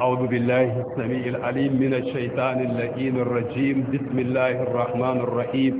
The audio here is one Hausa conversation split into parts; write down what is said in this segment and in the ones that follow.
أعوذ بالله السميع العليم من الشيطان اللئيم الرجيم بسم الله الرحمن الرحيم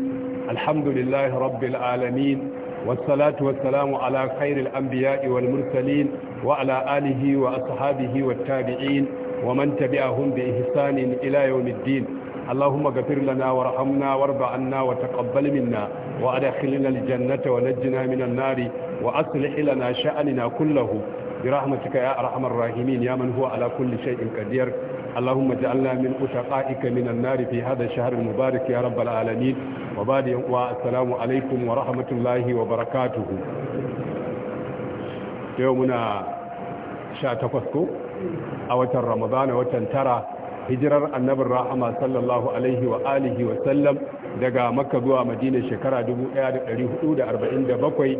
الحمد لله رب العالمين والصلاة والسلام على خير الأنبياء والمرسلين وعلى آله وأصحابه والتابعين ومن تبعهم بإحسان إلى يوم الدين اللهم اغفر لنا وارحمنا وارض عنا وتقبل منا وادخلنا الجنة ونجنا من النار وأصلح لنا شأننا كله برحمتك يا أرحم الراحمين يا من هو على كل شيء قدير اللهم اجعلنا من أشقائك من النار في هذا الشهر المبارك يا رب العالمين وبعد والسلام عليكم ورحمة الله وبركاته يومنا sha takwas ko a watan ramadana watan tara hijirar annabin rahama sallallahu alaihi wa alihi wa sallam daga makka zuwa madina shekara 1447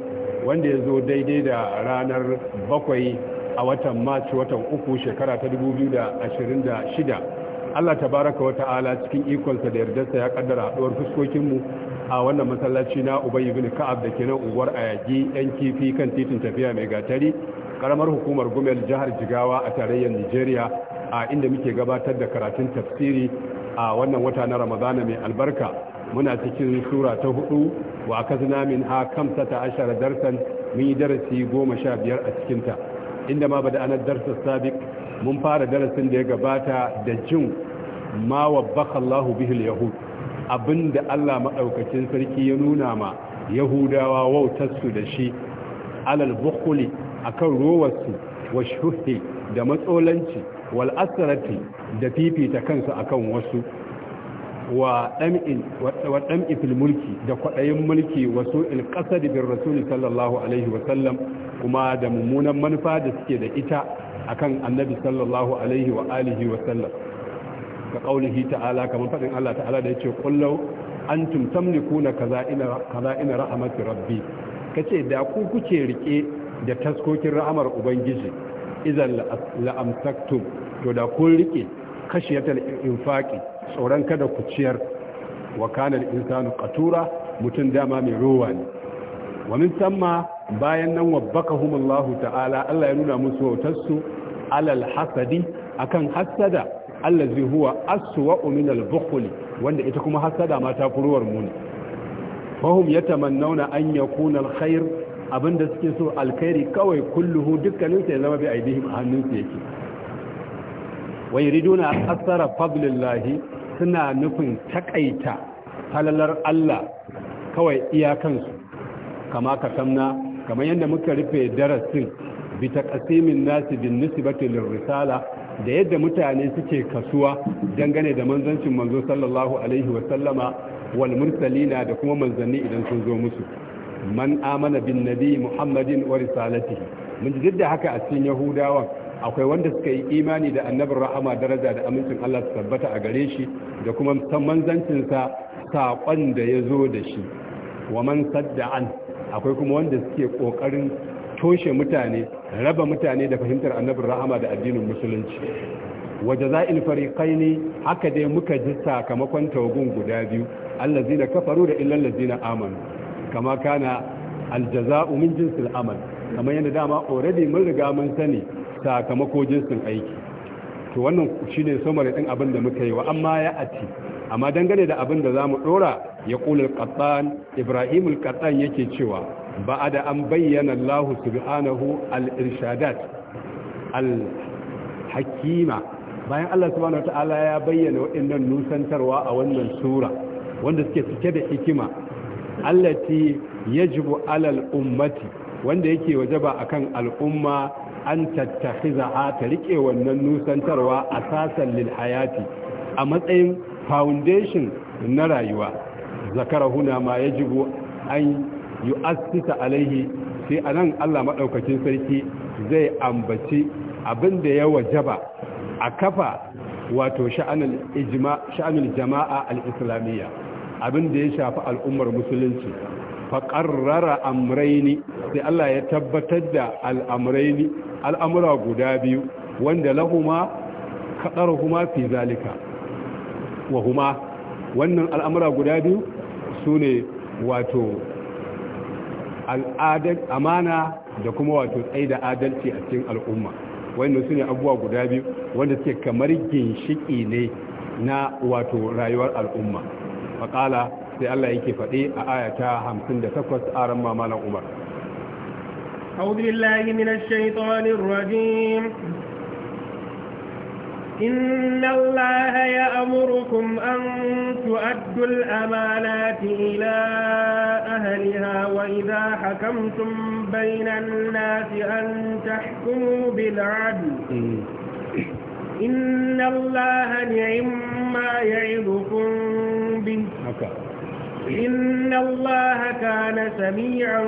wanda ya zo daidai da ranar bakwai a watan maci watan uku shekara ta 2026 allah ta baraka wa ta'ala cikin ikonsa da yardarsa ya kaddara haduwar fuskokinmu a wannan masallaci na ubayi bin ka'ab da ke nan unguwar ayagi yan kifi kan titin tafiya mai gatari karamar hukumar gumel jihar jigawa a tarayyar nigeria a inda muke gabatar da karatun tafsiri a wannan wata na ramadana mai albarka muna cikin sura ta hudu wa akazna min ha kamsata ashara darsan mun yi darasi goma sha biyar a cikinta inda ma bada anar darsa sabik mun fara darasin da ya gabata da jin ma wabbaka bihil yahud abinda Allah maɗaukacin sarki ya nuna ma yahudawa wautarsu da shi alal a akan rowarsu wa shuhi da matsolanci wal asrati da fifita kansu akan wasu wa ɗan mulki da kwaɗayin mulki wasu ilƙasa da bin rasuli sallallahu alaihi wasallam kuma da mummunan manufa da suke da ita akan annabi sallallahu alaihi wa alihi wasallam ka ƙaunihi ta'ala kamar faɗin Allah ta'ala da ya ce ƙullau an tumtamni kuna kaza ina rahamatu rabbi ka ce da ku kuke riƙe da taskokin ra'amar ubangiji izan la'amtaktum to da kun riƙe khashiyatal infaqi tsoron kada ku ciyar wa kana al-insanu qatura mutun dama mai rowa ne wa min samma bayan nan wabbakahumullahu ta'ala Allah ya nuna musu wautarsu alal hasadi akan hasada allazi huwa aswa'u min al-bukhli wanda ita kuma hasada ma ta furuwar mu fahum yatamannawna an yakuna al-khair abinda suke so alkhairi kawai kulluhu dukkanin sa ya zama bi aidihim a hannun su yake riduna a asara fadlillahi suna nufin takaita halalar Allah kawai iyakansu kama katamna kamar yadda muka rufe darasin bita taqsimin nasi bin nisbati risala da yadda mutane suke kasuwa dangane da manzancin manzo sallallahu alaihi wa sallama wal mursalina da kuma manzanni idan sun zo musu man amana bin nabi muhammadin wa risalatihi mun ji da haka a cikin yahudawan akwai wanda suka yi imani da annabin rahama daraja da amincin Allah su tabbata a gare shi da kuma san sa, saƙon da ya zo da shi wa man sadda'an akwai kuma wanda suke ƙoƙarin toshe mutane raba mutane da fahimtar annabin rahama da addinin musulunci Waje wa kai ne haka dai muka ji sakamakon tawagun guda biyu allazina kafaru da illal ladina amanu kama kana aljaza'u min jinsil amal kamar yadda dama already mun riga mun sani sakamako jinsin aiki to wannan shine samari din abin da muka yi wa amma ya ati amma dangane da abin da zamu dora ya qulul qattan ibrahim al qattan yake cewa da an bayyana Allah subhanahu al irshadat al hakima bayan Allah subhanahu wataala ya bayyana waɗannan nusantarwa a wannan sura wanda suke cike da hikima allati yajibu alal ummati wanda yake wajaba akan al'umma an tattakhiza ta rike wannan nusantarwa a sasan hayati a matsayin foundation na rayuwa zakara huna ma jigo an yu'assisa alaihi sai anan Allah maɗaukacin sarki zai ambaci abin da ya ba a kafa wato sha'anul jama'a al-islamiyya abin da ya shafi al'ummar musulunci faƙarrara amraini sai Allah ya tabbatar da al'amraini al'amura guda biyu wanda lahuma kaɗar huma fi zalika wa huma wannan al'amura guda biyu su ne wato al'adar amana da kuma wato tsaye da adalci a cikin al'umma wannan su ne abubuwa guda biyu wanda suke kamar ginshiki ne na wato rayuwar al'umma faƙala sai Allah yake faɗe a ayata 58 aran mamalan Umar أعوذ بالله من الشيطان الرجيم إن الله يأمركم أن تؤدوا الأمانات إلى أهلها وإذا حكمتم بين الناس أن تحكموا بالعدل إن الله نعم ما يعظكم به إن الله كان سميعا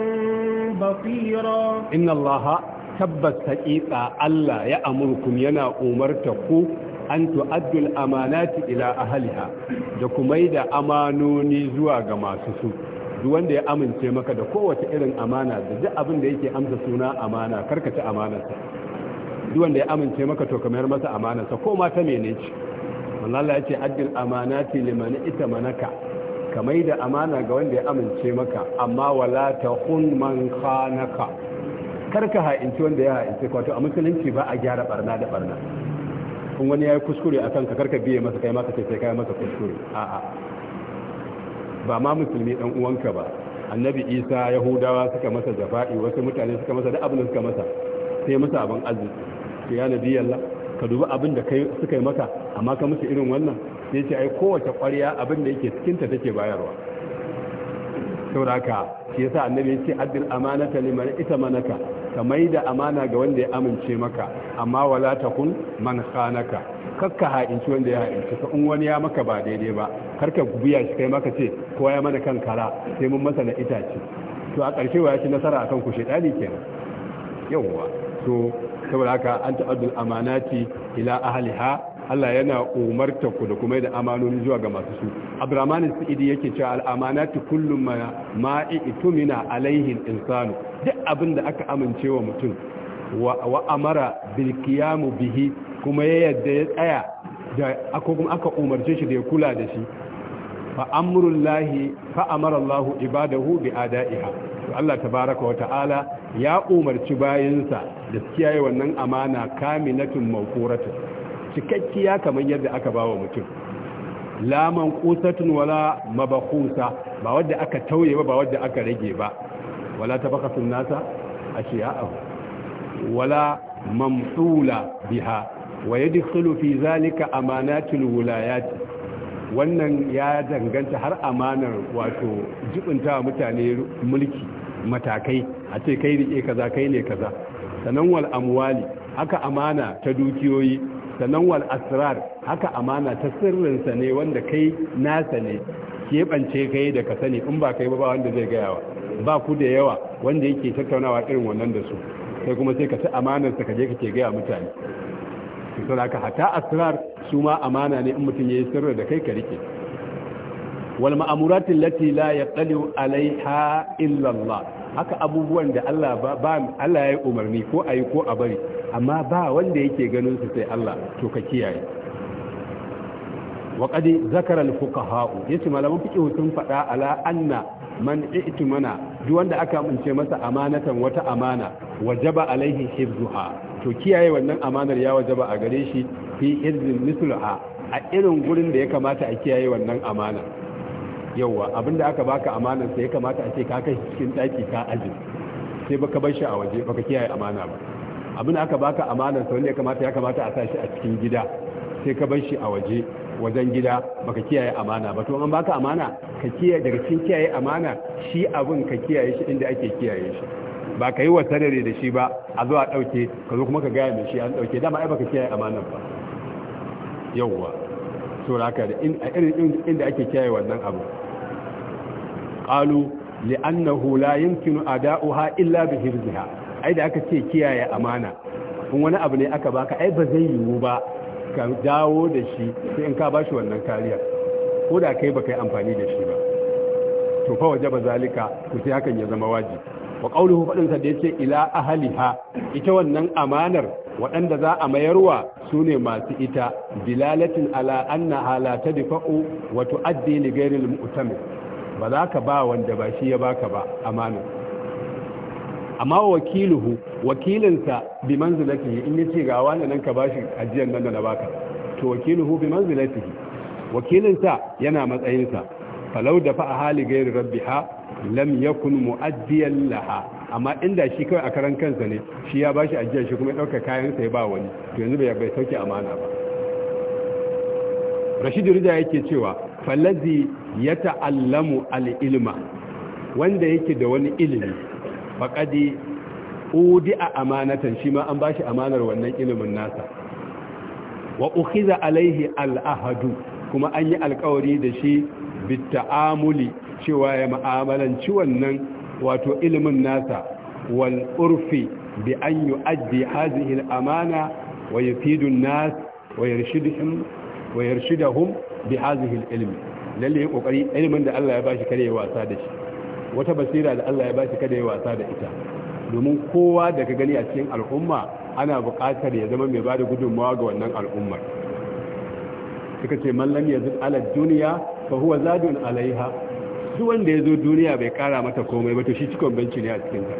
بصيرا إن الله tabbas haƙiƙa Allah ya amurkum yana umarta ku an tu'addul amanati ila ahliha da kuma da amanoni zuwa ga masu duk wanda ya amince maka da kowace irin amana da duk abin da yake amsa suna amana karkace amanarsa duk wanda ya amince maka to kamar masa amanarsa ko ma ta menene ce wallahi ya ce addil amanati liman ita manaka ka mai da amana ga wanda ya amince maka amma wala ta hun man khanaka karka ha'inci wanda ya ha'inci kwato a musulunci ba a gyara barna da barna kun wani ya yi kuskure a kanka karka biye masa kai maka sai kai masa kuskure a'a ba ma musulmi dan uwanka ba annabi isa yahudawa suka masa jafa'i wasu mutane suka masa da abin suka masa sai masa abin arziki ya nabi yalla ka dubi abin da suka yi maka amma ka musu irin wannan sai ce ai kowace ƙwarya abin da yake cikinta take bayarwa sauraka shi yasa annabi ya ce addin amanata liman ita manaka ka mai da amana ga wanda ya amince maka amma wala takun man khanaka kakka ha'inci wanda ya ha'inci ka in wani ya maka ba daidai ba Kar ka biya shi kai maka ce kowa ya mana kan kara sai mun masa na itace to a ƙarshe wa ya ci nasara akan ku shedani kenan yawwa to saboda haka an ta'addul amanati ila ahliha Allah yana umarta ku da kuma da amanoni zuwa ga masu su Abdurrahman Sa'idi yake cewa al amanati kullu ma itumina alaihi insanu duk abin da aka amince wa mutum wa amara bil qiyam bihi kuma ya yadda ya tsaya da ko kuma aka umarce shi da ya kula da shi fa amrullahi fa amara ibadahu bi adaiha to Allah tabaraka wa ta'ala ya umarci bayansa da kiyaye wannan amana kaminatun maukuratun. cikakkiya kamar yadda aka bawa mutum laman manqusatun wala mabqusa ba wadda aka tauye ba ba wadda aka rage ba wala tabaqasun nasa ashiya'ahu wala mamsula biha wa yadkhulu fi zalika amanatul wilayati wannan ya danganta har amanar wato jibinta mutane mulki matakai a ce kai rike kaza kai ne kaza sanan wal amwali haka amana ta dukiyoyi sanan wal asrar haka amana ta sirrinsa ne wanda kai nasa ne keɓance kai da ka sani in ba kai ba wanda zai gayawa ba ku da yawa wanda yake tattaunawa irin wannan da su sai kuma sai ka ci amanarsa ka je ka kake gaya mutane to haka hatta asrar su ma amana ne in mutum ya yi sirri da kai ka rike wal ma'amurati lati la yaqalu alaiha illa Allah haka abubuwan da Allah ba Allah yayi umarni ko ayi ko a bari amma ba wanda yake ganin su sai Allah to ka kiyaye wa qad zakara al fuqaha yace malaman fiqh sun fada ala anna man i'timana duk wanda aka amince masa amanatan wata amana wajaba alaihi hifzuha to kiyaye wannan amanar ya wajaba a gare shi fi irzin nisul'a a irin gurin da ya kamata a kiyaye wannan amana yauwa abinda aka baka amanar sai ya kamata a ce ka kai cikin daki ka ajin sai baka bar shi a waje baka kiyaye amana ba abinda aka baka amanar sai wanda ya kamata ya kamata a sashi a cikin gida sai ka bar shi a waje wajen gida baka kiyaye amana ba to an baka amana ka kiyaye daga cikin kiyaye amana shi abin ka kiyaye shi inda ake kiyaye shi ba ka yi wa sarari da shi ba a zuwa ɗauke ka zo kuma ka gaya mai shi an ɗauke dama ai baka kiyaye amanar ba yawwa so haka da a irin inda ake kiyaye wannan abu qalu li'annahu la yumkinu ada'uha illa bi hirziha ai da aka ce kiyaye amana in wani abu ne aka baka ai ba zai yiwu ba ka dawo da shi sai in ka bashi wannan kariya ko da kai baka yi amfani da shi ba to fa waje ba zalika to sai hakan ya zama wajibi wa qawluhu fadinsa da yace ila ahliha ita wannan amanar waɗanda za a mayarwa su ne masu ita bilalatin ala anna hala ta difa'u wa tu'addi li ghairi al ba za ka ba wanda ba shi ya baka ba amanar amma wakiluhu wakilinsa bi manzilati in ce ga wani nan ka bashi ajiyar nan da na baka to wakiluhu bi manzilati wakilinsa yana matsayinsa falau da fa'a hali gairi ha lam ya kunu mu’addiyar laha amma inda shi kawai a karan kansa ne shi ya ba bashi ajiyar shi kuma ya ɗauka kayan sai ba wani to yanzu bai bai sauke amana ba rashidu Rida yake cewa falazi ya ta'allamu al'ilma, wanda yake da wani ilimi faqadi udi a amanatan shi ma an shi amanar wannan ilimin nasa wa ukhiza alaihi al-ahadu kuma an yi alkawari da shi bitta'amuli cewa ya ma'amalanci wannan wato ilimin nasa wal urfi bi an yu'addi hadhihi al amana wa yufidu an-nas wa yarshiduhum wa yarshiduhum bi hadhihi al ilm lalle kokari ilimin da Allah ya bashi kada ya wasa da shi wata basira da Allah ya bashi kada ya wasa da ita domin kowa da ka gani a cikin al'umma ana buƙatar ya zama mai bada gudunmawa ga wannan al'ummar suka ce mallam ya zuɗa ala duniya fa huwa zadun alaiha duk wanda ya zo duniya bai kara mata komai ba to shi cikon benci ne a cikin ta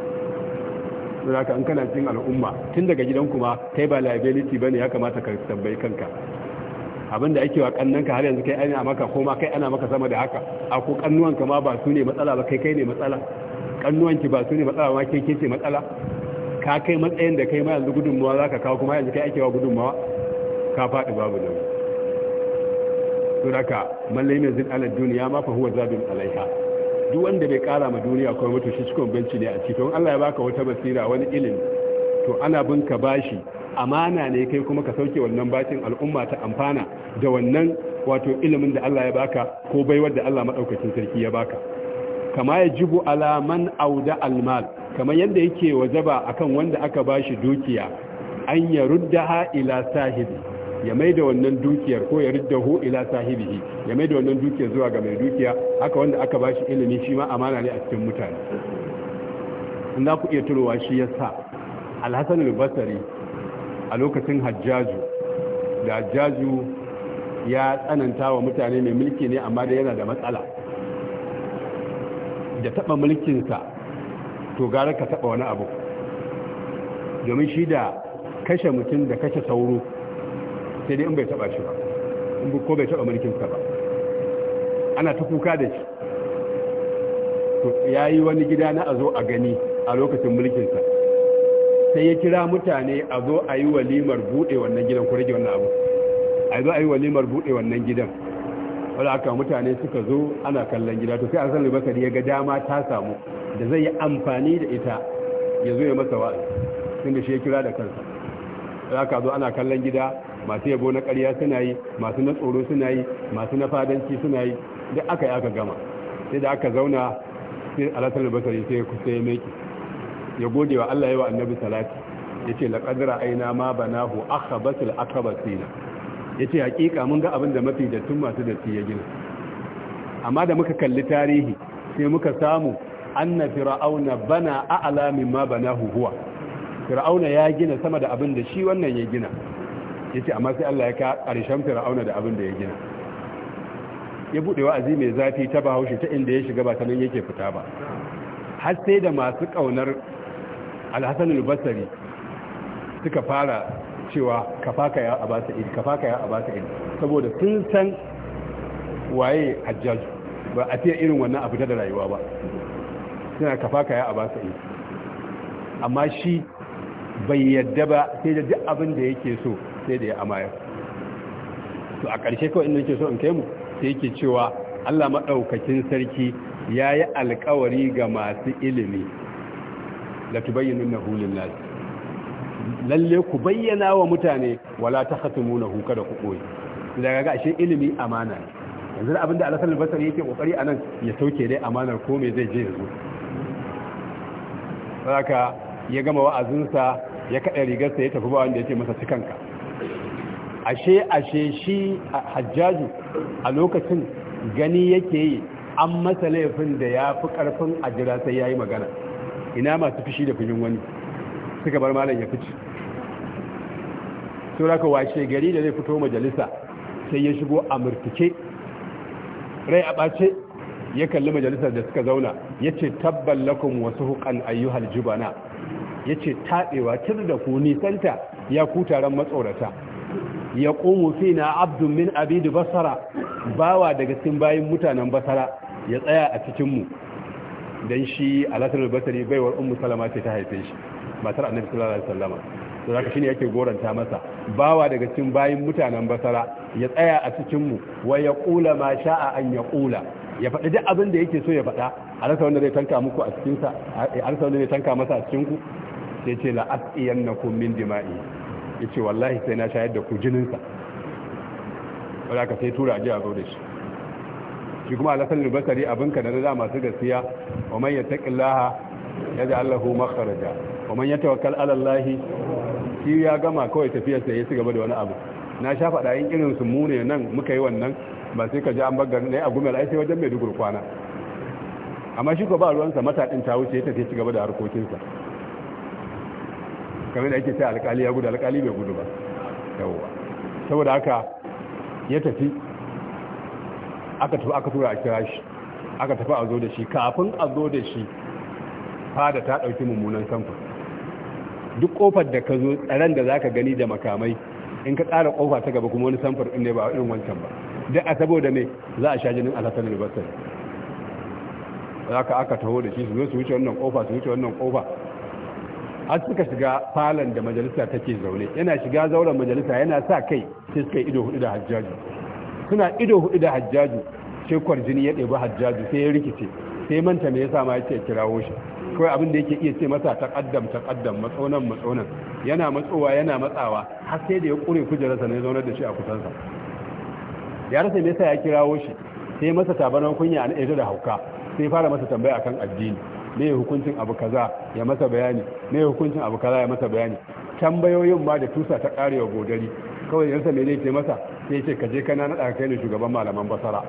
saboda haka an kana cikin al'umma tun daga gidan kuma kai ba liability bane ya kamata ka tambayi kanka abinda ake wa kannanka har yanzu kai ana maka ko ma kai ana maka sama da haka a ko kannuwanka ma ba su ne matsala ba kai kai ne matsala kannuwanki ba su ne matsala ma kai kai ce matsala ka kai matsayin da kai ma yanzu gudunmawa zaka kawo kuma yanzu kai ake wa gudunmawa ka faɗi babu nan suraka mallai mai zin ala duniya ma fa huwa zabin alaiha duk wanda bai kara ma duniya kuma mutu shi cikin banci ne a ciki don Allah ya baka wata basira wani ilimi to ana bin ka bashi amana ne kai kuma ka sauke wannan bakin al'umma ta amfana da wannan wato ilimin da Allah ya baka ko baiwar da Allah madaukakin sarki ya baka kama ya ala alaman auda almal kamar yadda yake wajaba akan wanda aka bashi dukiya an ya ruddaha ila sahibi ya mai da wannan dukiyar ko ya hu ila sahibihi ya maida wannan dukiyar zuwa ga mai dukiya haka wanda aka bashi ilimi shi ma amana ne a cikin mutane inda ku iya turowa shi ya sa alhassan al-basari a lokacin hajjaju da hajjaju ya tsananta wa mutane mai mulki ne amma da yana da matsala da taɓa mulkinsa to gara ka taɓa wani abu domin shi da kashe mutum da kashe sauro sai dai in bai taba shi ba in ko bai taba mulkin sa ba ana ta kuka da shi to yayi wani gida na azo a gani a lokacin mulkin sa sai ya kira mutane a zo a yi walimar bude wannan gidan ko rage wannan abu a zo a yi walimar bude wannan gidan wala aka mutane suka zo ana kallon gida to sai an san bakari ya ga dama ta samu da zai yi amfani da ita ya zo ya masa wa'azi tunda shi ya kira da kansa za ka zo ana kallon gida masu yabo na ƙarya suna yi masu na tsoro suna yi masu na fadanci suna yi da aka yi aka gama sai da aka zauna sai alatar basari sai kusa ya meki ya gode wa Allah yawa annabi salati ya ce laƙadira aina ma hu aka basul aka basina ya ce haƙiƙa mun ga abin da mafi dattun masu datti ya gina amma da muka kalli tarihi sai muka samu anna fir'auna bana a'la mimma bana huwa fir'auna ya gina sama da abin da shi wannan ya gina yace amma sai Allah ya ka karshen fir'auna da abin da ya gina ya bude wa'azi mai zafi ta bahaushe ta inda ya shiga ba ta yake fita ba har sai da masu kaunar alhassan al-basri suka fara cewa kafaka ya abasa id kafaka ya abasa id saboda sun san waye hajjaj ba a fiye irin wannan abu da rayuwa ba suna kafaka ya abasa id amma shi bai yadda ba sai da duk abin da yake so sai da ya amayar to a ƙarshe kawai inda yake so in kai mu sai yake cewa Allah maɗaukakin sarki ya yi alkawari ga masu ilimi da bayyana na hulun nasi lalle ku bayyana wa mutane wala ta hatimu na huka da kuɓoyi daga ga ashe ilimi amana ne yanzu da abinda alasar albasar yake ƙoƙari a nan ya sauke dai amanar ko mai zai je yanzu haka ya gama wa'azinsa ya kaɗa rigarsa ya tafi ba wanda ya ce masa cikanka ashe ashe shi hajjaji a lokacin gani yake yi an masa laifin da ya fi karfin jira sai ya yi magana ina masu fishi da fushin wani suka bar malam ya fice sun ka washe gari da zai fito majalisa sai ya shigo a murtuke rai a ɓace ya kalli majalisa da suka zauna ya ce tabban lakum wasu hukan ayyuhal jubana ce taɓewa tir da ku nisanta ya ku taron matsorata ya fi na abdun min abidu basara bawa daga cikin bayin mutanen basara ya tsaya a cikinmu don dan shi alasan albasari baiwar ummu salama ce ta haife shi matar annabi sallallahu alaihi wasallama to zaka shine yake goranta masa bawa daga cikin bayin mutanen basara ya tsaya a cikinmu wa ya kula ma sha'a an ya kula ya faɗi duk abin da yake so ya faɗa a rasa wanda zai tanka muku a a rasa wanda zai tanka masa a cikinku. sai ce la'asiyan na min jima'i. ya ce wallahi sai na shayar da ku jininsa wadda ka sai tura aji a zo da shi shi kuma alasan lubasari abinka da nada masu gaskiya wa man yattaqi laha ji allahu makaraja wa man yatawakkal ala alallahi shi ya gama kawai tafiyar sai ya ci gaba da wani abu na sha faɗa yin irin su mu ne nan muka yi wannan ba sai ka ji an bar ne a gumel ai sai wajen mai dugur kwana amma shi ko ba ruwansa mata ɗin ta wuce ya tafi ci gaba da harkokinsa kamar da ake ce alkali ya gudu alkali bai gudu ba yawwa saboda haka ya tafi aka tafi aka tura a kira shi aka tafi a zo da shi kafin a zo da shi fada ta ɗauki mummunan samfur duk ƙofar da ka zo tsaron da za ka gani da makamai in ka tsara ƙofa ta gaba kuma wani samfur ɗin ne ba irin wancan ba duk a saboda ne za a sha jinin alhassan albasar za ka aka taho da shi su zo su wuce wannan ƙofa su wuce wannan ƙofa har suka shiga falon da majalisa take zaune yana shiga zauren majalisa yana sa kai sai suka ido hudu da hajjaju suna ido hudu da hajjaju sai kwarjini ya ɗebi hajjaju sai ya rikice sai manta mai yasa ma ya ce kirawo shi kawai abin da yake iya ce masa ta ƙaddam matsonan matsonan yana matsowa yana matsawa har sai da ya ƙure kujerarsa ne zaunar da shi a kusansa ya rasa me yasa ya kirawo shi sai masa tabanan kunya a ejo da hauka sai fara masa tambaya akan addini ne hukuncin abu kaza ya masa bayani ne hukuncin abu kaza ya masa bayani tambayoyin ba da tusa ta karewa godari kawai yansa me ne ke masa sai ce ka je na naɗa kai ne shugaban malaman basara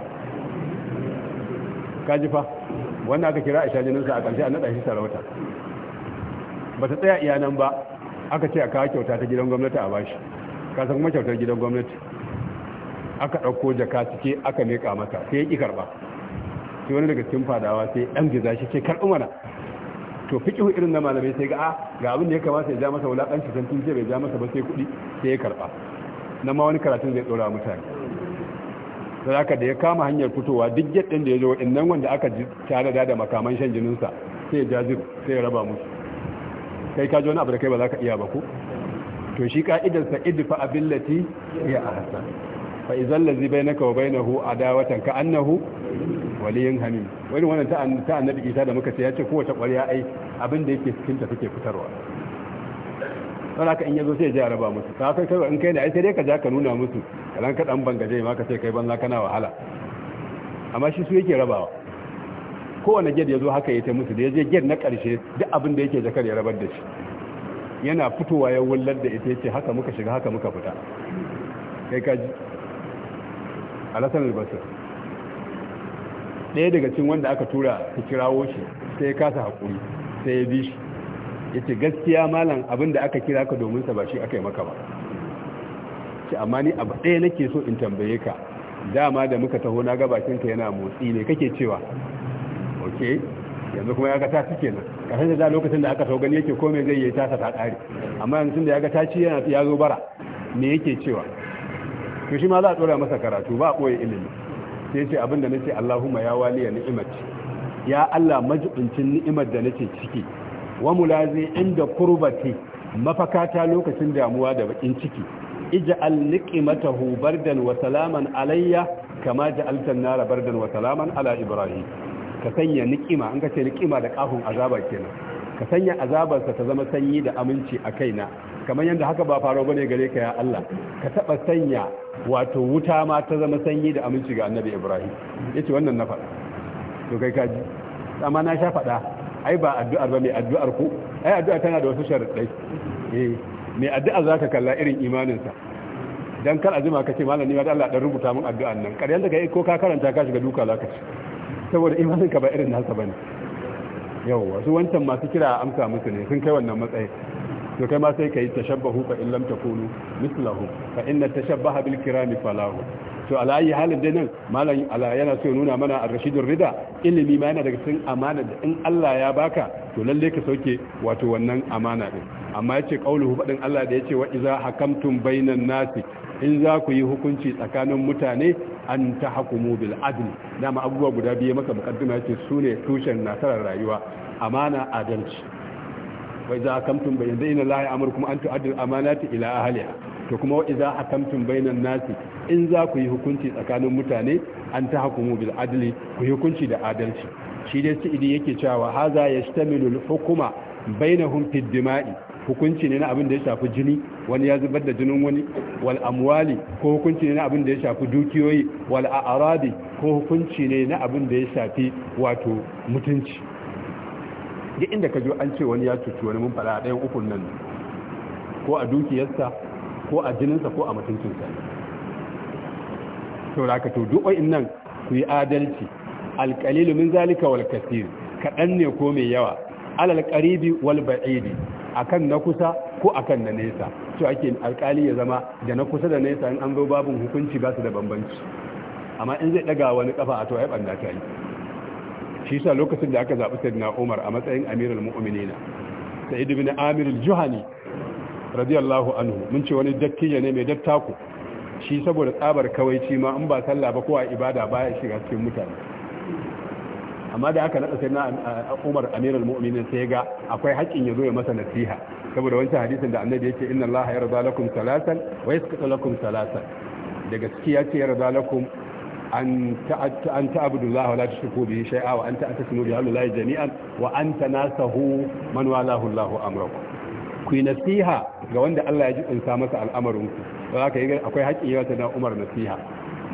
kaji fa wanda aka kira aisha sa a ƙarshe a naɗa shi sarauta ba ta tsaya iya nan ba aka ce a kawo kyauta ta gidan gwamnati a bashi ka san kuma kyautar gidan gwamnati aka ɗauko jaka cike aka miƙa masa sai ya ƙi karɓa sai wani daga cikin fadawa sai dan giza shi ce karɓi mana to fiqihu irin na malamai sai ga a ah, ga abin da ya kamata ya ja masa wulakanci san tun ce bai ja masa ba sai kuɗi sai ya karɓa nan ma wani karatun zai tsora mutane saraka da ya kama hanyar fitowa duk yadda da ya zo innan wanda aka tare da makaman shan jininsa sai ya jazir sai ya raba musu kai ka ji wani abu da kai ba za ka iya ba ku to shi ka'idarsa idfa abillati ya ahsan fa idan lazi bainaka wa bainahu adawatan ka annahu waliyin hamim wani wannan ta annabi isa da muka ce ya ce kowace ƙwarya ai abin da yake cikin ta take fitarwa don haka in yazo sai ya raba musu ka kai kai in kai ne ai sai dai ka ja ka nuna musu kalan ka dan bangaje ma ka ce kai banza kana wahala amma shi su yake rabawa kowane ged yazo haka ya ta musu da yaje ged na karshe duk abin da yake zakar ya rabar da shi yana fitowa ya wallar da ita ce haka muka shiga haka muka fita kai ka ji alasan albasir ɗaya daga cikin wanda aka tura ta kirawo shi sai ya kasa haƙuri sai ya bi shi ya ce gaskiya malam abin da aka kira ka domin sa ba shi aka yi maka ba ce amma ni abu ɗaya nake so in tambaye ka dama da muka taho na gabakin ka yana motsi ne kake cewa ok yanzu kuma ya ga ta suke nan kasance da lokacin da aka so gani yake komai zai yi tasa ta ƙare amma yanzu da ya ga taci yana ya zo bara me yake cewa to shi ma za a tsora masa karatu ba a ɓoye ilimi sai yace abin da nace Allahumma ya waliya ni'imati ya Allah majibincin ni'imar da nake ciki wa mulazi inda kurbati mafakata lokacin damuwa da bakin ciki ij'al niqimatahu bardan wa salaman alayya kama ja'alta an-nara bardan wa salaman ala ibrahim ka sanya niqima an kace niqima da kafin azaba kenan ka sanya azabar azabarsa ta zama sanyi da aminci a kaina kamar yadda haka ba faro bane gare ka ya Allah ka taba sanya wato wuta ma ta zama sanyi da aminci ga annabi ibrahim ya ce wannan na faɗa to kai kaji amma na sha faɗa ai ba addu'ar ba mai addu'ar ku ai addu'a tana da wasu sharaɗai eh mai addu'a za ka kalla irin imaninsa don kar azima ka ce malami ma da Allah dan rubuta mun addu'an nan ƙaryan da kai ko ka karanta ka shiga duka zaka ci saboda imaninka ba irin nasa bane yawwa su wancan masu kira amsa musu ne sun kai wannan matsayi to kai ma sai yi tashabbahu fa in lam takunu mislahu fa inna tashabbaha bil kirami falahu to ala ayi halin da nan malam ala yana so nuna mana ar-rashidur rida ilimi ma yana daga cikin amana da in Allah ya baka to lalle ka sauke wato wannan amana din amma yace qauluhu fadin Allah da yace wa iza hakamtum bainan nasi in za ku yi hukunci tsakanin mutane an ta hakumu bil adli dama abubuwa guda biye maka mukaddima yace sune tushen nasarar rayuwa amana adalci wai za hakamtum bai zai na amur kuma an tu'addul amanati ila ahliha to kuma wa idza hakamtum bainan nasi in za ku yi hukunci tsakanin mutane an ta hukumu bil adli ku yi hukunci da adalci shi dai su idi yake cewa haza yastamilul hukuma bainahum fid dima'i hukunci ne na abin da ya shafi jini wani ya zubar da jinin wani wal amwali ko hukunci ne na abin da ya shafi dukiyoyi wal a'radi ko hukunci ne na abin da ya shafi wato mutunci duk inda ka ji an ce wani ya cuci wani mun faɗa ɗayan ukun nan ko a dukiyarsa ko a jininsa ko a mutuncinsa to da ka to duk wa'in nan ku yi adalci alƙalilu min zalika wal kasir kaɗan ne ko mai yawa alal qaribi wal ba'idi akan na kusa ko akan na nesa to ake alƙali ya zama da na kusa da nesa in an zo babun hukunci ba su da bambanci amma in zai daga wani kafa a to ai banda ta yi shi sa lokacin da aka zaɓi sayyidina umar a matsayin amirul mu'minina sa'id ibn amir al-juhani radiyallahu anhu mun ce wani dattijo ne mai dattako shi saboda tsabar kawaici ma in ba sallah ba ko a ibada baya shiga cikin mutane amma da aka nada sayyidina eh, umar amiral mu'minin sai ga akwai haƙin zo ya masa nasiha saboda wancan hadisin da annabi yake inna allaha yarda lakum salatan wa yasqutu lakum salatan da gaskiya ce yarda lakum an ta'abudu Allah wa la tushriku bihi shay'a wa an ta'tasimu bi hablillahi jami'an wa an tanasahu man walahu Allahu amrakum ku yi nasiha ga wanda Allah ya ji tsinsa masa al'amarinku ba za ka yi akwai haƙƙin yawa na Umar nasiha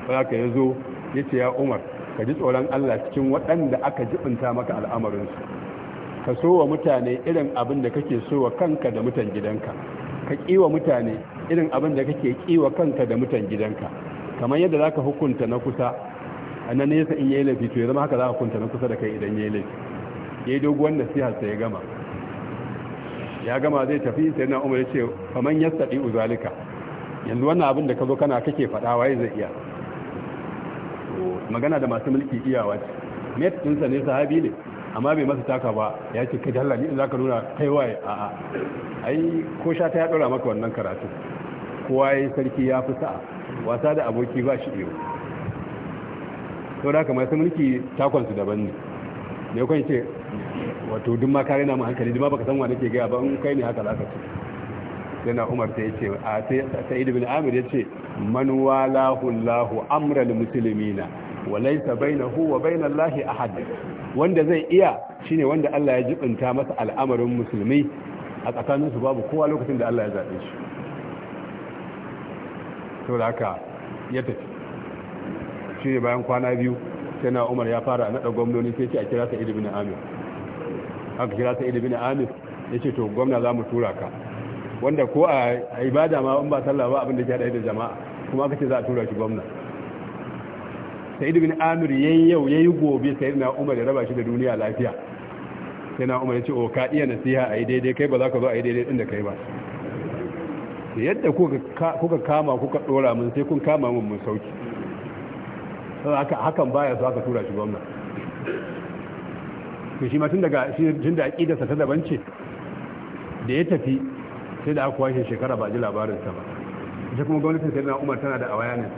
ba za ka yi zo ya Umar ka ji tsoron Allah cikin waɗanda aka jibinta maka al'amarin ka so wa mutane irin abin da kake so wa kanka da mutan gidanka ka wa mutane irin abin da kake wa kanka da mutan gidanka kamar yadda za ka hukunta na kusa a nesa in yi laifi to ya zama haka za ka hukunta na kusa da kai idan yi laifi yi doguwar nasihar sai ya gama ya gama zai tafi sai na umar ya ce faman yastadi uzalika yanzu wannan abin da ka zo kana kake faɗa waye zai iya magana da masu mulki iyawa ce met ɗinsa ne sahabi ne amma bai masa taka ba ya ce kai dalla ni za ka nuna kai waye a'a ai ko sha ta ya ɗora maka wannan karatu kowa ya sarki ya fi sa'a wasa da aboki ba shi iyo to da kamar sun mulki takon daban ne ne kun ce wato duk ma kare na mu hankali duk ma baka san wa nake gaya ba in kai ne haka ka ce yana umar ta yace a sai sa'id ibn amir yace man walahu allah amral muslimina wa laysa bainahu wa bainallahi ahad wanda zai iya shine wanda Allah ya jibinta masa al'amarin musulmi a tsakaninsu babu kowa lokacin da Allah ya zabe shi to da haka ya tafi shi ne bayan kwana biyu sai na umar ya fara naɗa gwamnoni sai ce a kira sa idibin amir aka kira sa idibin amir ya ce to gwamna za mu tura ka wanda ko a ibada ma in ba sallah ba abin da ke da jama'a kuma aka ce za a tura shi gwamna sai idibin amir yi yau yi gobe sai na umar ya raba shi da duniya lafiya sai na umar ya ce o oh, ka iya nasiha a yi daidai kai ba za ka zo a yi daidai ɗin da kai ba da yadda kuka kama kuka dora mun sai kun kama mun mun sauki hakan baya su aka tura shi gwamna to shi ma tun daga shirin da sa ta daban ce da ya tafi sai da aka kwashe shekara ba ji labarin sa ba ita kuma gwamnatin sai na umar tana da awayanin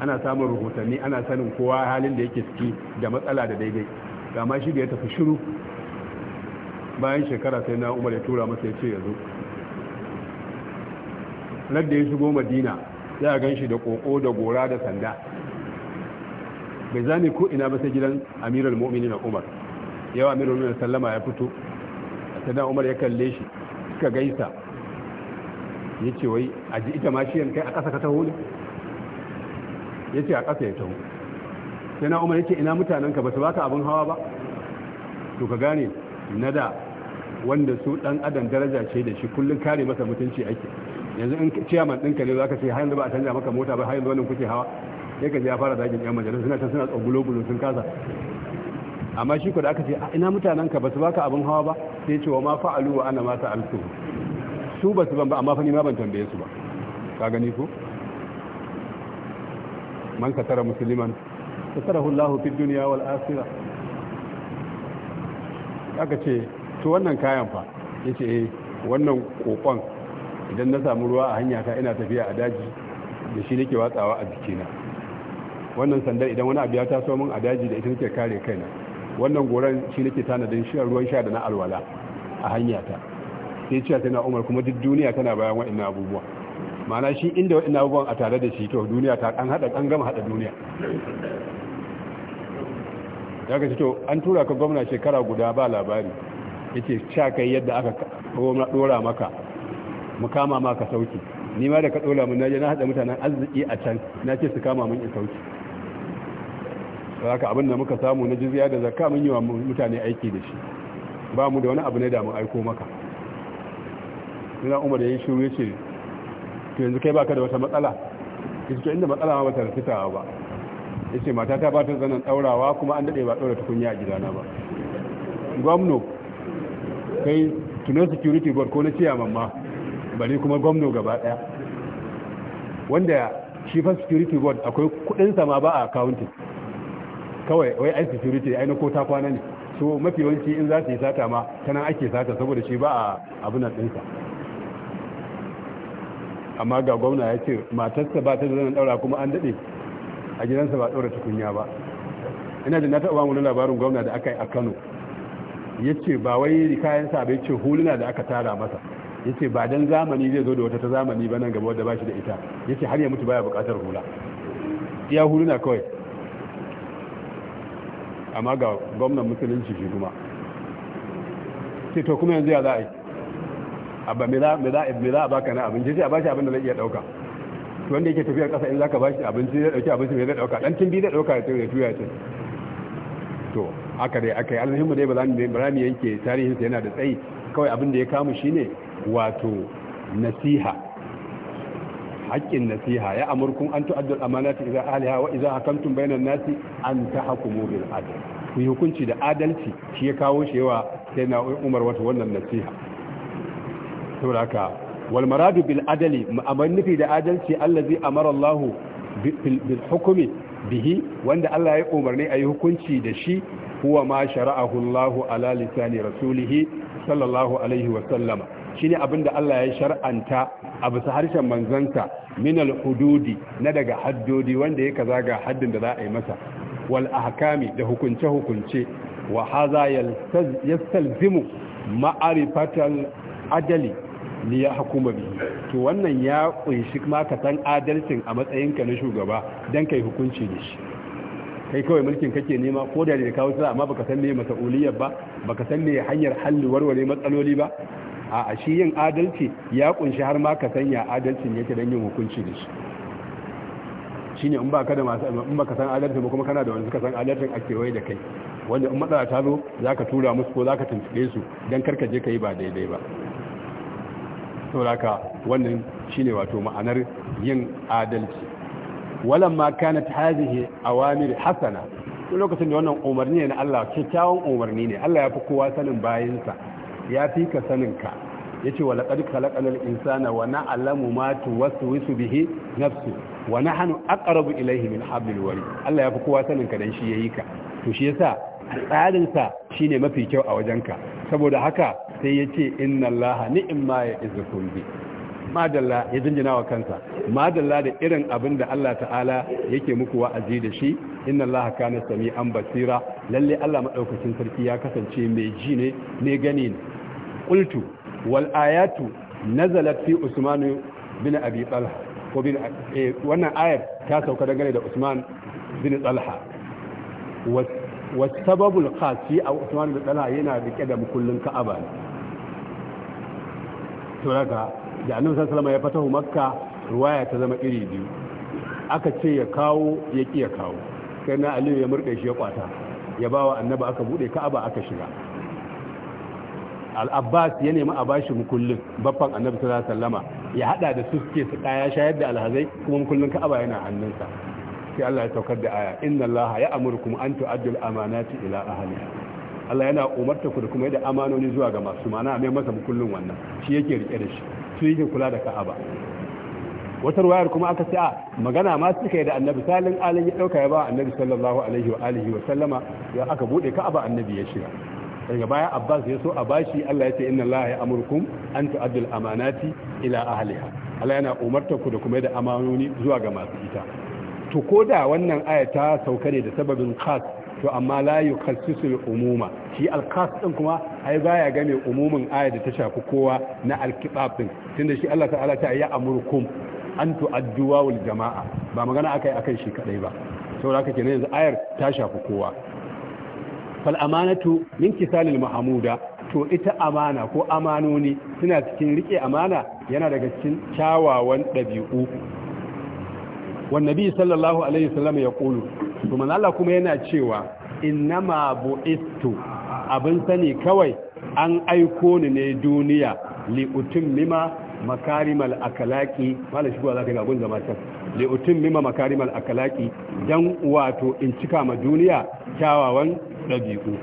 ana samun rahotanni ana sanin kowa halin da yake ciki da matsala da daidai ga ma shi da ya tafi shiru bayan shekara sai na umar ya tura masa ya ce ya zo lar da ya shigo madina ya gan shi da koko da gora da sanda bai zame ko ina ba sai gidan amiral na umar yau amiral mu'minin sallama ya fito A tana umar ya kalle shi suka gaisa ya ce wai a ji ita mashi yanka a ƙasa ka taho ne ya ce a ƙasa ya taho sai na umar ya ce ina mutanenka ba su baka abin hawa ba to ka gane na da wanda su ɗan adam daraja ce da shi kullum kare masa mutunci ake yanzu in ciyaman ɗinka ne za ka ce har yanzu ba a canja maka mota ba har yanzu wannan kuke hawa sai ka ya fara zagin yan majalisu suna can suna tsogulo-gulo sun kasa amma shi da aka ce a ina mutanen ka ba su baka abin hawa ba sai ce wa ma fa'alu wa ana ma sa'altu su ba su ban ba amma fa ni ma ban tambaye su ba ka gani ko man kasara musliman tara Allahu fid dunya wal akhirah aka ce to wannan kayan fa yace eh wannan kokon idan na samu ruwa a hanya ta ina tafiya a daji da shi nake watsawa a jikina wannan sandar idan wani abu ya taso min a daji da ita nake kare kaina wannan goran shi nake tanadin shi ruwan sha da na alwala a hanya ta sai cewa tana umar kuma duk duniya tana bayan wa'annan abubuwa ma'ana shi inda wa'annan abubuwan a tare da shi to duniya ta an hada kan gama hada duniya daga ce to an tura ka gwamna shekara guda ba labari yace sha kai yadda aka dora maka mu kama ma ka sauki ni ma da ka ɗola mun naje na haɗa mutanen arziki a can na ce su kama mun in sauki haka abin da muka samu na jizya da zakka mun yi wa mutane aiki da shi ba mu da wani abu ne da mu aiko maka ina umar ya yi shiru ya ce to yanzu kai baka da wata matsala ya inda matsala ma bata fitawa ba ya ce mata ta bata zanen daurawa kuma an dade ba ɗaura tukunya a gidana ba gwamno kai tunan security board ko na ciyaman ma bare kuma gwamno gaba daya wanda shi fa security board akwai kudin sa ma ba a accounting kawai wai ai security ai na kota kwana ne so mafi yawanci in za su yi sata ma tana ake sata saboda shi ba a abin nan ɗinsa amma ga gwamna ya ce matarsa ba ta da zanen ɗaura kuma an daɗe a gidansa ba ɗaura tukunya ba ina da na taɓa wani labarin gwamna da aka yi a kano ya ce ba wai sa bai ce huluna da aka tara masa yace ba dan zamani zai zo da wata ta zamani ba nan gaba wadda ba shi da ita yace har ya mutu baya bukatar hula iya huluna kawai amma ga gwamnan musulunci shi kuma ce to kuma yanzu ya za a yi abba me za a baka na abinci sai a bashi abin da zai iya dauka to wanda yake tafiyar kasa in zaka bashi abinci zai dauki abinci me zai dauka dan tun bi zai dauka ya tuya tuya ce to haka dai akai alhimu dai ba za mu yanke tarihin sa yana da tsayi kawai abin da ya kamu shine wato nasiha haƙƙin nasiha ya amurkun an tu'addul amanati idza Aliha, wa idza hakamtum bainan nasi an tahkumu bil adl ku hukunci da adalci shi ya kawo shi yawa sai na Umar wata wannan nasiha saboda haka wal maradu bil adli amman nufi da adalci allazi amara Allah bil hukmi bihi wanda Allah ya umarni ayi hukunci da shi huwa ma shara'ahu Allah ala lisani rasulihi sallallahu alaihi wa sallama shine abin da Allah ya shar'anta a bisa harshen manzanta minal hududi na daga haddodi wanda ya kaza ga haddin da za a yi masa wal ahkami da hukunce hukunce wa haza yastalzimu ma'arifatan ajali li ya hukuma bihi to wannan ya kunshi ma ka san adalcin a matsayinka na shugaba dan kai hukunci da shi kai kawai mulkin kake nema ko da da kawo sa amma baka san me masauliyar ba baka san me hanyar halli warware matsaloli ba a shi yin adalci ya kunshi har ma ka sanya adalcin yake don yin hukunci da shi Shi ne in ba ka da masu in ka san adalci ba kuma kana da wani suka san adalcin a kewaye da kai wanda in matsala ta zo za ka tura musu ko za ka tuntuɗe su don karka je yi ba daidai ba saboda wannan ne wato ma'anar yin adalci walamma kanat hadhihi awamir hasana lokacin da wannan umarni ne na Allah kyakkyawan umarni ne Allah ya fi kowa sanin bayinsa ya fi ka saninka ya ce wa laƙar kalaƙanar insana wa na alamu matu wasu wisu bihe nafsu wa na hannu akarabu ilaihi min hablil wari Allah ya fi kowa saninka don shi ya yi ka to shi yasa tsarinsa shi ne mafi kyau a wajen ka, saboda haka sai ya ce inna Allah ni'imma ya izukun madalla ya jinjina wa kansa madalla da irin abin da Allah ta'ala yake muku wa'azi da shi inna Allah kana sami'an basira lalle Allah madaukakin sarki ya kasance mai ji ne mai gani ne qultu wal'ayatu na nazalat fi usman bin abi talha ko bin wannan ayat ta sauka dangane da usman bin talha wa sababul qasi a usman bin talha yana rike da mukullin ka'aba to daga da annabi sallallahu alaihi ya fatahu makka ruwaya ta zama iri biyu aka ce ya kawo ya ki ya kawo sai na aliyu ya murɗe shi ya kwata ya bawa annaba aka buɗe ka'aba aka shiga al-abbas ya nemi a bashi mukullin baffan annabi sallallahu alaihi wasallama ya hada da su suke su kaya shayar da alhazai kuma mukullin ka'aba yana hannunsa sai Allah ya saukar da aya inna allaha ya'murukum an tu'addu al-amanati ila ahliha Allah yana umarta ku da kuma yadda amanoni zuwa ga masu mana mai masa mukullin wannan shi yake rike da shi su yake kula da ka'aba wata ruwayar kuma aka ce magana ma suka yi da annabi salin alin ya dauka ya ba annabi sallallahu alaihi wa alihi wa sallama ya aka bude ka'aba annabi ya shiga daga baya abbas ya so a bashi allah ya ce inna allaha ya amurkum an tu'addu amanati ila ahliha allah yana umarta ku da kuma da amanoni zuwa ga masu ita to ko da wannan aya ta sauka ne da sababin khas to amma la yukhassisu umuma shi al-khas din kuma ai baya game umumin aya da ta shafi kowa na al-kitab din tunda shi Allah ta'ala ta ya amurkum an tu'addu wal jama'a ba magana akai akan shi kadai ba saboda haka kenan yanzu ayar ta shafi kowa Fal'amanatu amanatu min kisalil mahmuda to ita amana ko amanoni suna cikin rike amana yana daga cikin kyawawan dabi'u wan nabi sallallahu alaihi wasallam ya ƙulu? to manzo Allah kuma yana cewa ma bu'istu abin sani kawai an aiko ni ne duniya li mima makarimal akalaki mala shi kuwa zaka ga gun zama can li mima makarimal akalaki dan wato in cika ma duniya kyawawan ɗabi'u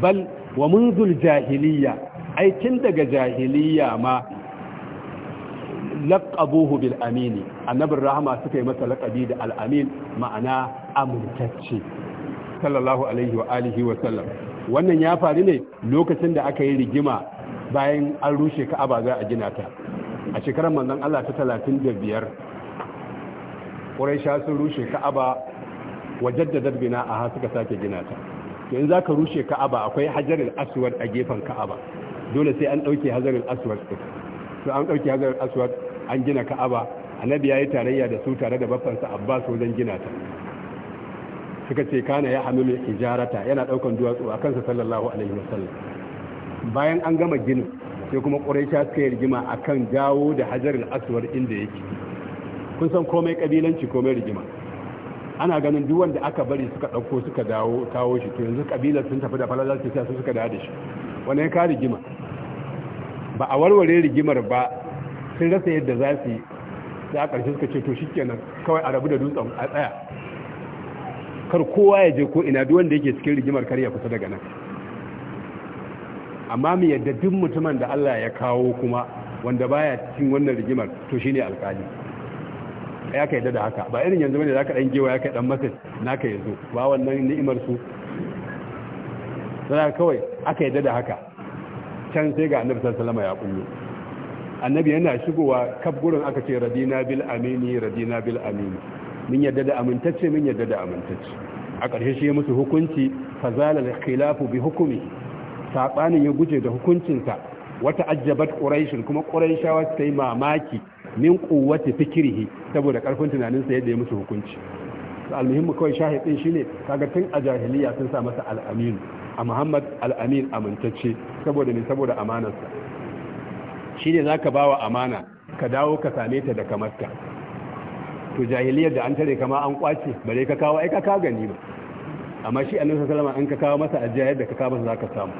bal wa munzul jahiliya aikin daga jahiliya ma laƙabuhu bil amini annabin rahama suka yi masa laƙabi da al'amin ma'ana amintacce sallallahu alaihi wa alihi wa sallam wannan ya faru ne lokacin da aka yi rigima bayan an rushe ka'aba za a gina ta a shekarar manzon Allah ta talatin da 35 sha sun rushe ka'aba wajaddadar bina a suka sake gina ta to in ka rushe ka'aba akwai hajjarin aswad a gefen ka'aba dole sai an dauke hajjarin aswad to an dauke hajjarin aswad an gina ka'aba annabi yi tarayya da su tare da bafansa Abbas wajen gina ta suka ce kana ya mai ijarata yana ɗaukan duwatsu a kansa sallallahu alaihi wasallam bayan an gama ginin sai kuma quraisha suka yi rigima kan jawo da hajjarin aswad inda yake kun san komai kabilanci komai rigima ana ganin duk wanda aka bari suka dauko suka dawo kawo shi to yanzu kabilar sun tafi da falalar su suka dawo da shi wannan ka rigima ba a warware rigimar ba sun rasa yadda za su yi sai a ƙarshe suka ce to shikenan kawai a rabu da dutsen a tsaya kar kowa ya je ko ina duk wanda yake cikin rigimar kar ya fita daga nan amma mu yadda duk mutumin da Allah ya kawo kuma wanda baya cikin wannan rigimar to shine alƙali ya kai yadda da haka ba irin yanzu bane zaka dan gewa ya kai dan masjid naka yazo ba wannan ni'imar su sai kawai aka yadda da haka can sai ga annabi sallallahu alaihi wasallam ya kunyo annabi yana shigowa kab gurin aka ce radina bil amini radina bil amini min yadda da amintacce min yadda da amintacce a ƙarshe shi ya musu hukunci fazala al khilafu bi hukumi sabanin ya guje da hukuncinsa wata ajjabat quraish kuma quraishawa sai yi mamaki min quwwati fikrihi saboda karfin tunaninsa yadda ya musu hukunci almuhimmu kawai shahidin shine kaga tun a jahiliya sun sa masa al-amin a Muhammad al-amin amintacce saboda ne saboda amanarsa shine zaka bawa amana ka dawo ka same ta da kamarta to jahiliyar da an tare kama an kwace bare ka kawo ai ka ka gani ba amma shi annabi sallallahu alaihi wasallam an ka kawo masa ajiya da ka kawo masa zaka samu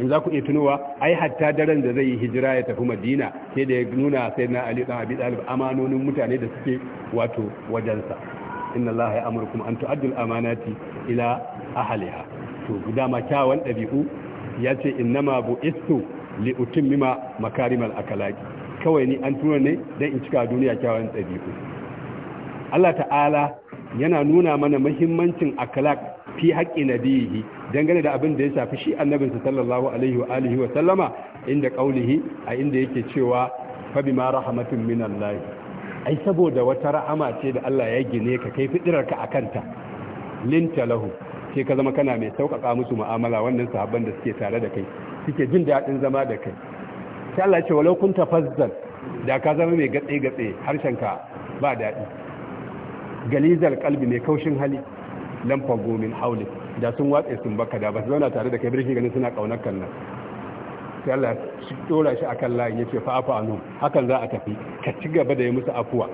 in za ku iya tunowa ai hatta daren da zai yi hijira ya tafi madina sai da ya nuna sai na ali dan abi talib amanonin mutane da suke wato wajensa inna Allah ya amurkum an tu'addu al-amanati ila ahliha to guda ma kyawun dabi'u yace innama bu'istu li utammima makarimal akalaki kawai ni an tura ne dan in cika duniya kyawun ɗabi'u. Allah ta'ala yana nuna mana muhimmancin akhlaq fi haqqi nabihi dangane da abin da ya shafi shi annabinsa sallallahu alaihi wa alihi wa sallama inda qaulihi a inda yake cewa fa bima rahmatin minallahi ai saboda wata rahama ce da Allah ya gine ka kai ka akanta linta lahu sai ka zama kana mai sauƙaƙa musu mu'amala wannan sahabban da suke tare da kai suke jin daɗin zama da kai sai Allah ya ce walau kunta fazzal da ka zama mai gatse gatse harshen ka ba daɗi Galizar kalbi mai kaushin hali lan gomin min haulik da sun watsa sun baka da ba su zauna tare da kai birki ganin suna kaunar kan nan sai Allah shi dora shi akan layin yace fa afa anu hakan za a tafi ka ci gaba da yi musu afuwa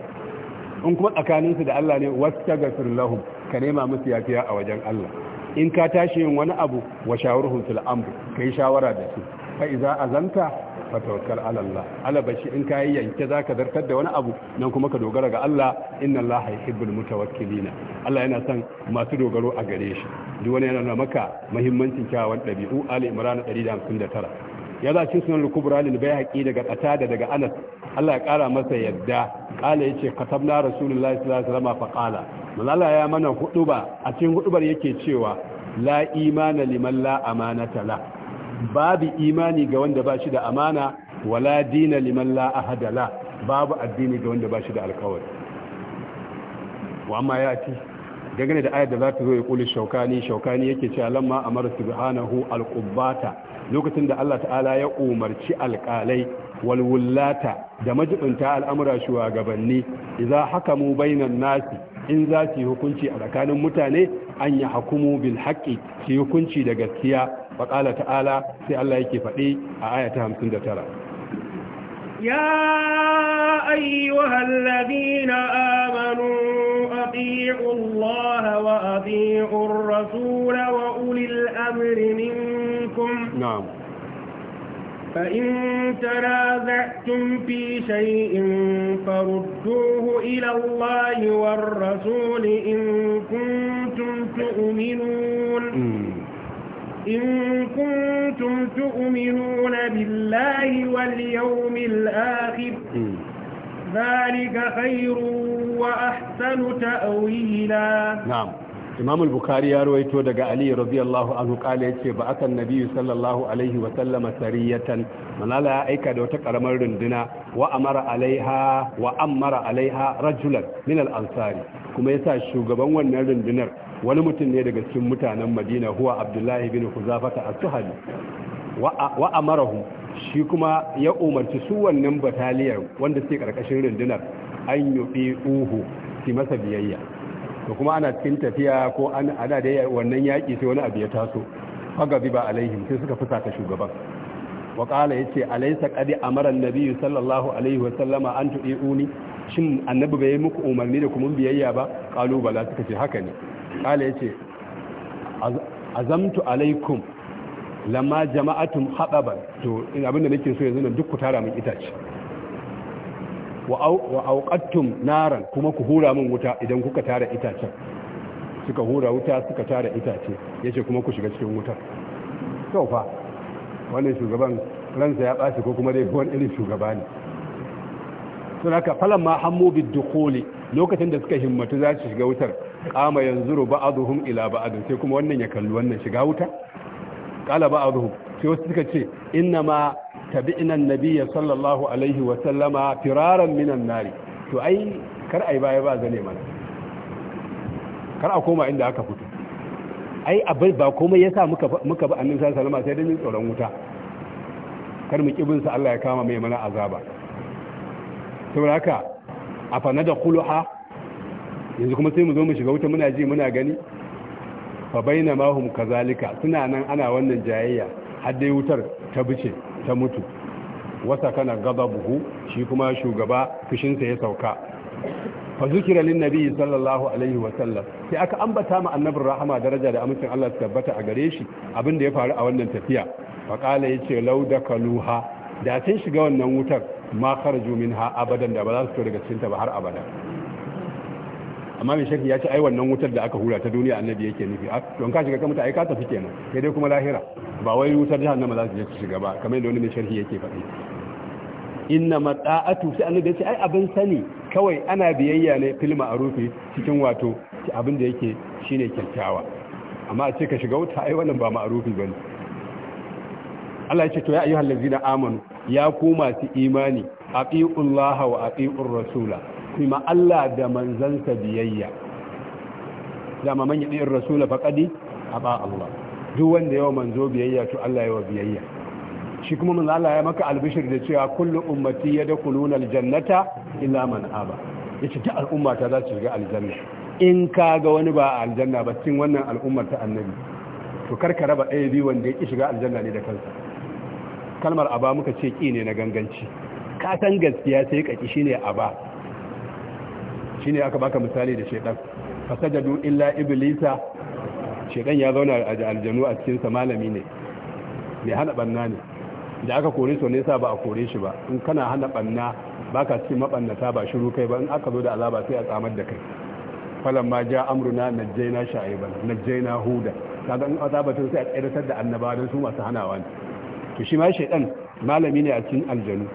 in kuma tsakanin su da Allah ne wastaghfir lahum ka nema musu yafiya a wajen Allah in ka tashi yin wani abu wa shawurhum fil amr kai shawara da su fa a zanta fa tawakkal ala Allah ala bashi in kai yanke zaka zartar da wani abu nan kuma ka dogara ga Allah inna Allah yuhibbul mutawakkilina Allah yana son masu dogaro a gare shi duk wani yana maka muhimmancin kyawawan dabi'u ali imran 159 ya za cikin sunan al-kubra lil bayhaqi daga da daga anas Allah ya kara masa yadda qala yace katabna rasulullahi sallallahu alaihi wasallam fa qala ya mana ba a cikin hudubar yake cewa la imana liman la amanata la babu imani ga wanda ba shi da amana wala dina liman la ahadala babu addini ga wanda ba shi da alkawari wa amma ya ci dangane da ayar da za ta zo ya kuli shaukani shaukani yake cewa lamma amara subhanahu alqubbata lokacin da Allah ta'ala ya umarci alqalai walwullata da majibinta al'amura shugabanni idza hakamu bainan nasi in za su yi hukunci a tsakanin mutane an yi hakumu bil haqqi su hukunci da gaskiya faƙala ta'ala sai Allah yake faɗi a ayata hamsin يا أيها الذين آمنوا أطيعوا الله وأطيعوا الرسول وأولي الأمر منكم نعم فإن تنازعتم في شيء فردوه إلى الله والرسول إن كنتم تؤمنون م. إن كنتم تؤمنون بالله واليوم الآخر ذلك خير وأحسن تأويلا نعم imam al-bukhari ya rawaito daga ali radiyallahu anhu kala yace ba akan nabi sallallahu alaihi wa sallama sariyatan manala ya aika da wata karamar runduna wa amara alaiha wa amara alaiha rajulan min al-ansari kuma yasa shugaban wannan rundunar wani mutum ne daga cikin mutanen madina huwa abdullahi bin huzafata a suhali wa marahu shi kuma ya umarci su wannan bataliyar wanda suke karkashin rundunar an yubi uhu su masa biyayya to kuma ana cikin tafiya ko ana da wannan yaƙi sai wani abu ya taso fagabi ba alaihim sai suka ta shugaban wa ya ce alaisa ƙadi amaran nabi sallallahu alaihi wasallama an tuɗi uni shin annabi bai yi muku umarni da kuma biyayya ba ƙalubala suka ce haka ne kala ya ce azamtu alaikum lamma jama'atun haɗaban to abinda nake so yanzu nan duk ku tara min itace wa auƙattun naran kuma ku hura min wuta idan kuka tara itacen suka hura wuta suka tara itace ya ce kuma ku shiga cikin wuta sau fa wannan shugaban ransa ya ɓaci ko kuma dai wani irin shugaba ne sun haka falon ma hammu bidukoli lokacin da suka himmatu za su shiga wutar kama yanzu zuhun ila ba'adun sai kuma wannan ya kalli wannan shiga wuta a zuhun sai wasu suka ce inna ma tabi'na Nabiya sallallahu alaihi wa sallama firaran minan nari to ai kar a yi baya ba zane mana kar a koma inda aka fito ai abin ba komai yasa muka muka ba annin sallallahu salama sai dai tsoron wuta kar mu kibin sa Allah ya kama mai mana azaba saboda haka afana da yanzu kuma sai mu zo mu shiga wuta muna ji muna gani fa baina mahum kazalika suna nan ana wannan jayayya har dai wutar ta bice ta mutu wasa kana buhu shi kuma shugaba fushinsa ya sauka fa zikira lin nabi sallallahu alaihi wa sallam sai aka ambata ma annabi rahama daraja da amincin Allah tabbata a gare shi abin da ya faru a wannan tafiya fa qala yace law dakaluha da sun shiga wannan wutar ma kharaju minha abadan da ba za su fito daga cikinta ba har abada amma mai shakki ya ce ai wannan wutar da aka hura ta duniya annabi yake nufi a don ka shiga ka mutu ai ka tafi kenan sai dai kuma lahira ba wai wutar jihar nama za su je su shiga ba kamar yadda wani mai sharhi yake faɗi inna mata'atu sai annabi ya ce ai abin sani kawai ana biyayya ne fil rufe cikin wato abin da yake shine kyakkyawa amma a ce ka shiga wuta ai wannan ba ba bane Allah ya ce to ya ayyuhal ladzina amanu ya ku masu imani aqiullaha wa aqiur rasula ku Allah da manzansa biyayya dama man yadi rasula a aba Allah duk wanda yawa manzo biyayya to Allah yawa biyayya shi kuma manzo Allah ya maka albishir da cewa kullu ummati yadkhuluna aljannata illa man aba yace duk al'umma ta za su shiga aljanna in ka ga wani ba aljanna ba cikin wannan al'ummar ta annabi to karka raba ɗaya biyu wanda ya shiga aljanna ne da kansa kalmar aba muka ce ƙi ne na ganganci ka san gaskiya sai ka ƙi shine aba shine aka baka misali da shaytan fasajadu illa iblisa shaytan ya zauna a aljanu a cikin malami ne mai hana banna ne da aka kore su ne sa ba a kore shi ba in kana hana banna baka cikin mabannata ba shiru kai ba in aka zo da azaba sai a tsamar da kai ma ja amruna najjayna sha'iban najjayna huda kaga in azabatun sai a tsiratar da annabawa su masu hanawa ne to shi ma shaytan malami ne a cikin aljanu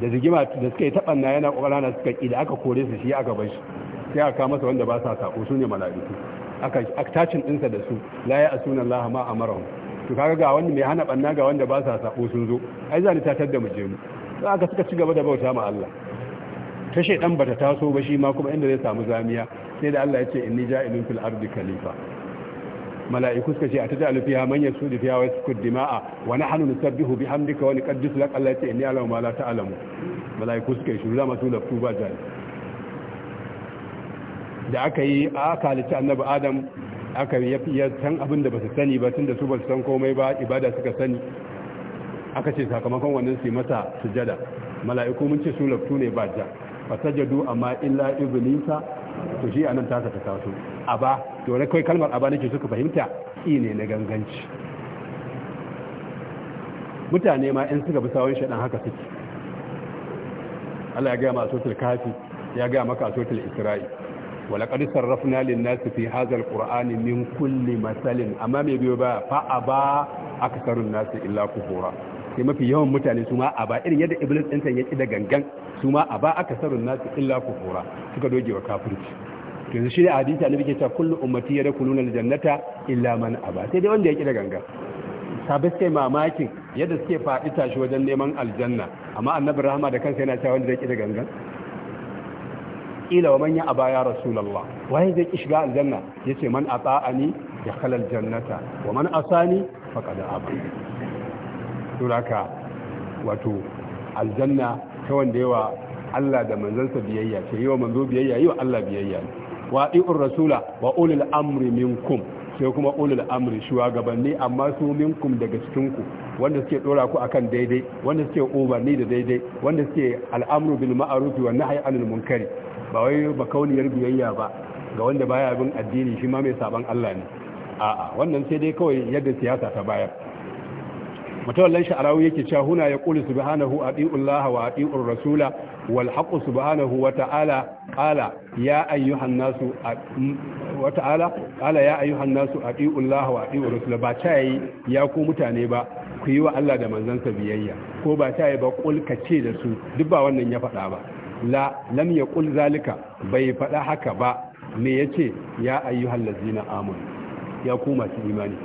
da rigima da suka yi taɓanna yana ƙwarana suka ƙi da aka kore su shi aka bar shi sai aka masa wanda ba sa sako su ne mala'iku aka tacin ɗinsa da su la ya asuna Allah ma amarahu to kaga ga wanda mai hana banna ga wanda ba sa sako sun zo ai za ni tatar da mu je mu sai aka suka ci gaba da bauta ma Allah ta shedan bata taso ba shi ma kuma inda zai samu zamiya sai da Allah ya ce inni ja'ilun fil ardi khalifa mala'iku suka ce a ta jalu fiha man yasudu fiha wa yasku dima'a wa nahnu nusabbihu bihamdika wa nuqaddisu lak Allah ce inni alamu ma la ta'lamu mala'iku suka yi shiru zama su da ba jali da aka yi aka halitta annabi adam aka yi san abin da ba su sani ba tunda su ba su san komai ba ibada suka sani aka ce sakamakon wannan su masa sujada mala'iku mun ce su laftu ne ba ja fasajadu amma illa iblisa to shi anan tasa ta taso aba to ne kai kalmar aba nake suka fahimta i ne na ganganci mutane ma in suka bi sawon shaɗan haka suke Allah ya gaya masu tul kafi ya gaya maka tul isra'i wa laqad sarrafna lin nas fi hadha alqur'ani min kulli masalin amma me biyo ba fa aba aktharun nas illa kufura sai mafi yawan mutane su ma a ba irin yadda iblis ɗinta ya ƙi da gangan su ma a ba aka sarun nasu illa ku fura suka doge wa kafirci to yanzu shi da hadisi annabi ke cewa kullu ummati yadkhuluna jannata illa man aba sai dai wanda ya ƙi da gangan sabai mamakin yadda suke faɗi tashi wajen neman aljanna amma annabi rahama da kansa yana cewa wanda zai ƙi da gangan ƙila wa manya aba ya rasulallah waye zai ki shiga aljanna yace man ata'ani ya khala jannata wa man asani faqad aba don haka wato aljanna ta wanda yawa Allah da manzansa biyayya ce yawa manzo biyayya yawa Allah biyayya wa iqur rasula wa ulil amri minkum sai kuma ulul amri shugabanni amma su minkum daga cikinku wanda suke dora ku akan daidai wanda suke umarni da daidai wanda suke al'amru bil ma'ruf wa nahyi anil munkari ba wai ba kauniyar biyayya ba ga wanda baya bin addini shi ma mai saban Allah ne a'a wannan sai dai kawai yadda siyasa ta bayar matawallan sha'arawi yake cewa huna ya qulu subhanahu atiullaha wa atiur rasula wal haqqu subhanahu wa ta'ala qala ya ayyuhan nasu wa ta'ala qala ya ayyuhan nasu laha wa atiur rasula ba ta yi ya ku mutane ba ku yi wa Allah da manzansa biyayya ko ba ta yi ba qul ce da su duk ba wannan ya faɗa ba la lam yaqul zalika bai faɗa haka ba me yace ya ayyuhal ladzina amanu ya ku masu imani